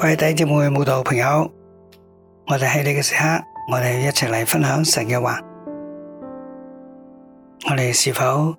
各位弟兄姊妹、信徒朋友，我哋喺你嘅時刻，我哋一齊嚟分享神嘅話。我哋是否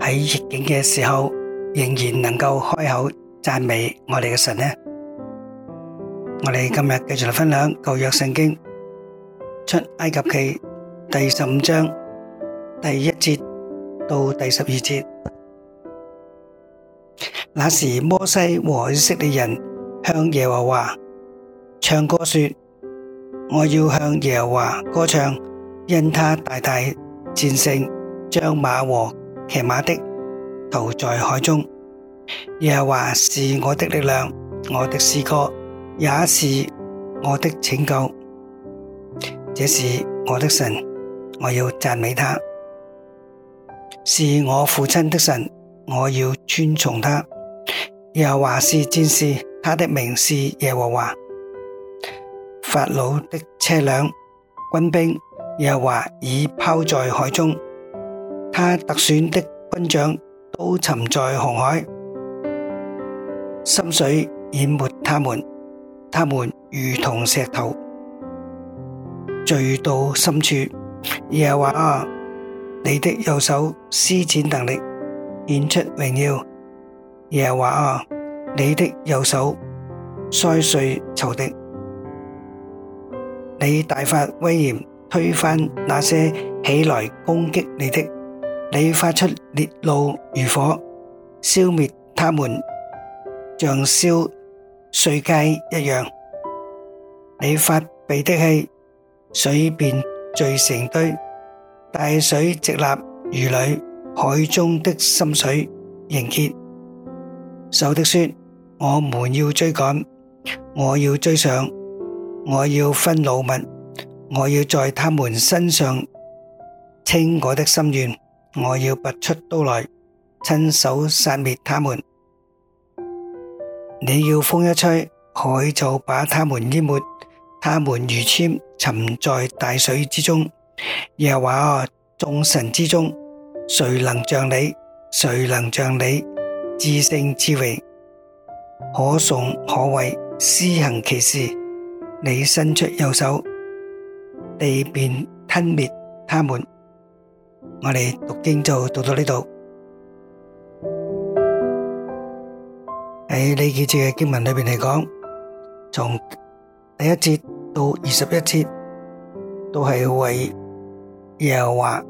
喺逆境嘅時候，仍然能夠開口讚美我哋嘅神呢？我哋今日繼續嚟分享舊約聖經出埃及記第十五章第一節到第十二節。那時摩西和以色列人。向耶和華唱歌說：我要向耶和華歌唱，因他大大戰勝，將馬和騎馬的投在海中。耶和華是我的力量，我的詩歌也是我的拯救。這是我的神，我要讚美他。是我父親的神，我要尊重他。耶和華是戰士。他的名是耶和華，法老的車輛、軍兵，耶和華已拋在海中，他特選的軍長都沉在紅海，深水淹沒他們，他們如同石頭，墜到深處。耶和華啊，你的右手施展能力，顯出榮耀。耶和華啊，你的右手。摔碎仇敵，你大發威嚴，推翻那些起來攻擊你的，你發出烈怒如火，消滅他們，像燒碎秸一樣。你發鼻的氣，水便聚成堆，大水直立如壘，海中的深水凝結。仇敵說：我們要追趕。我要追上，我要分擄物，我要在他們身上稱我的心願，我要拔出刀來，親手殺滅他們。你要風一吹，海就把他們淹沒，他們如鉛沉在大水之中。耶和華眾神之中，誰能像你？誰能像你？至聖至榮，可頌可畏。施行奇事，你伸出右手，地便吞滅他們。我哋讀經就讀到呢度。喺呢幾節嘅經文裏邊嚟講，從第一節到二十一節，都係為耶和華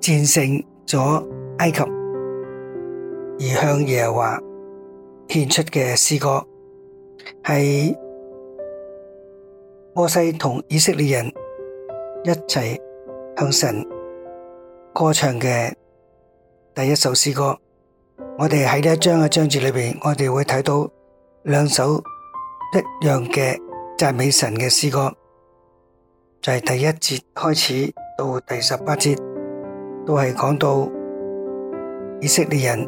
戰勝咗埃及而向耶和華獻出嘅詩歌。係摩西同以色列人一齊向神歌唱嘅第一首詩歌。我哋喺呢一章嘅章節裏邊，我哋會睇到兩首一樣嘅讚美神嘅詩歌，就係第一節開始到第十八節，都係講到以色列人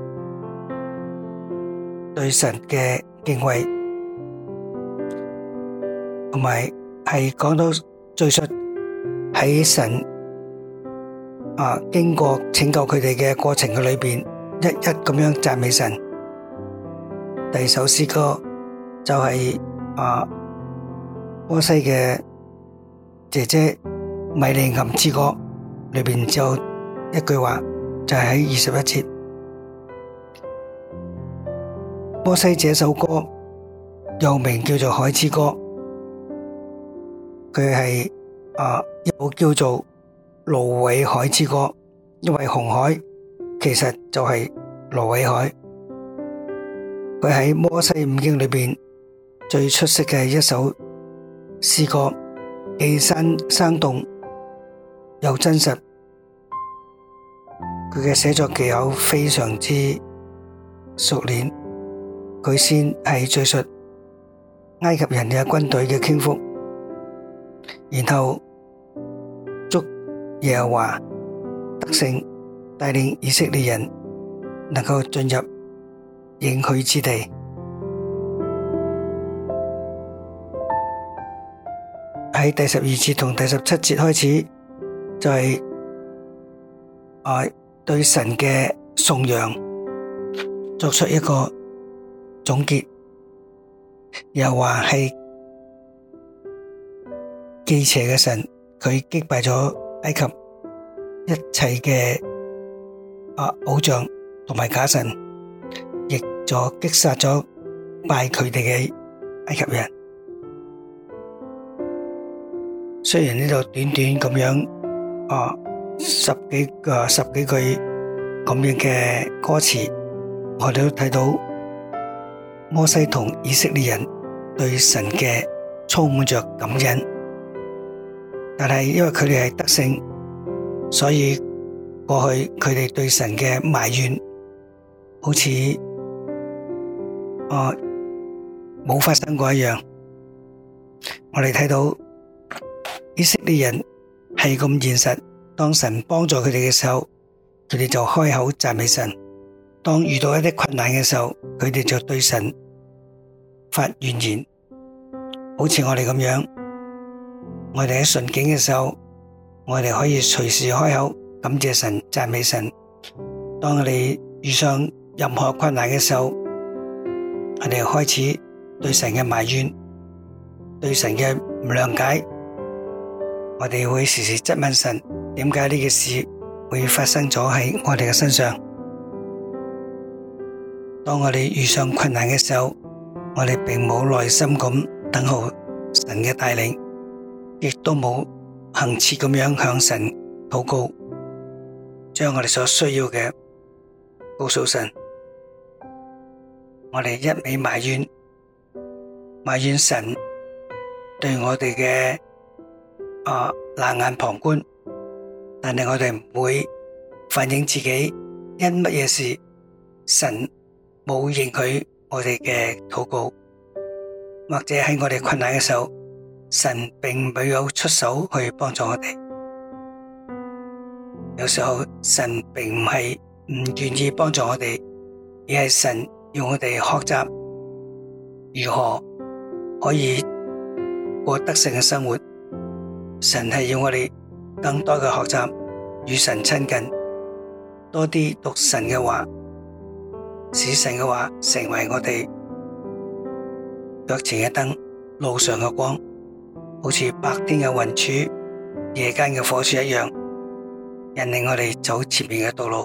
對神嘅敬畏。同埋係講到敘述喺神啊，經過拯救佢哋嘅過程嘅裏邊，一一咁樣讚美神。第二首詩歌就係、是、啊，波西嘅姐姐米利暗之歌裏邊就一句話，就係喺二十一節。波西這首歌又名叫做海之歌。佢係一首叫做蘆葦海之歌，因為紅海其實就係蘆葦海。佢喺摩西五經裏邊最出色嘅一首詩歌，既生生動又真實。佢嘅寫作技巧非常之熟練，佢先係敘述埃及人嘅軍隊嘅傾覆。然後，祝耶和華得勝，帶領以色列人能夠進入應許之地。喺第十二節同第十七節開始，就係、是、誒對神嘅頌揚，作出一個總結，耶和華係。忌邪嘅神，佢擊敗咗埃及一切嘅啊偶像同埋假神，亦咗擊殺咗拜佢哋嘅埃及人。雖然呢度短短咁樣啊十幾個十幾句咁樣嘅歌詞，我哋都睇到摩西同以色列人對神嘅充滿着感恩。但係因為佢哋係得勝，所以過去佢哋對神嘅埋怨，好似哦冇發生過一樣。我哋睇到以色列人係咁現實，當神幫助佢哋嘅時候，佢哋就開口讚美神；當遇到一啲困難嘅時候，佢哋就對神發怨言，好似我哋咁樣。我哋喺順境嘅時候，我哋可以隨時開口感謝神、讚美神；當我哋遇上任何困難嘅時候，我哋開始對神嘅埋怨、對神嘅唔諒解，我哋會時時質問神：點解呢件事會發生咗喺我哋嘅身上？當我哋遇上困難嘅時候，我哋並冇耐心咁等候神嘅帶領。亦都冇懇切咁樣向神禱告，將我哋所需要嘅告訴神。我哋一味埋怨埋怨神對我哋嘅啊冷眼旁觀，但係我哋唔會反映自己因乜嘢事神冇應許我哋嘅禱告，或者喺我哋困難嘅時候。神並沒有出手去幫助我哋，有時候神並唔係唔願意幫助我哋，而係神要我哋學習如何可以過得勝嘅生活。神係要我哋更多嘅學習，與神親近，多啲讀神嘅話，使神嘅話成為我哋腳前嘅燈，路上嘅光。好似白天嘅雲柱，夜間嘅火柱一樣，引領我哋走前面嘅道路。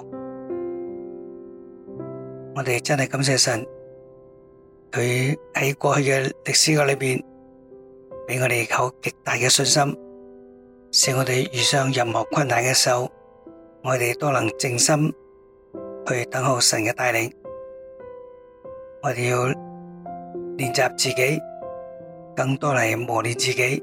我哋真係感謝神，佢喺過去嘅歷史嘅裏邊，俾我哋好極大嘅信心，使我哋遇上任何困難嘅時候，我哋都能靜心去等候神嘅帶領。我哋要練習自己，更多嚟磨練自己。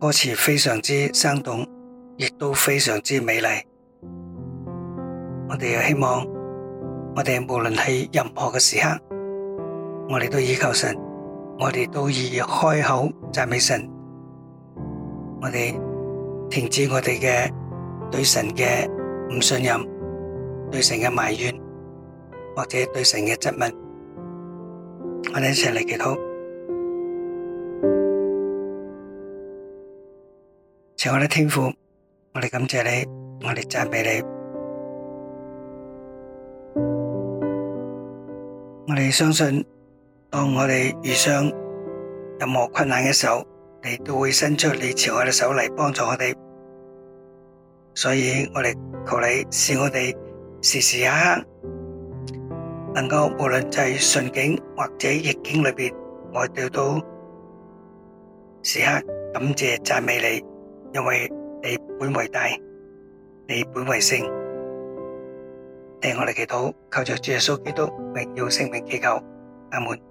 歌詞非常之生動，亦都非常之美麗。我哋又希望，我哋無論係任何嘅時刻，我哋都以求神，我哋都以開口讚美神，我哋停止我哋嘅對神嘅唔信任，對神嘅埋怨，或者對神嘅質問，我哋一齊嚟祈禱。慈愛嘅天父，我哋感謝你，我哋讚美你。我哋相信，當我哋遇上任何困難嘅時候，你都會伸出你慈愛嘅手嚟幫助我哋。所以我哋求你，使我哋時時刻刻能夠無論就係順境或者逆境裏面，我哋都時刻感謝讚美你。因為你本為大，你本為聖，聽我哋嚟祈禱，靠着主耶穌基督榮耀聖名，祈求，阿門。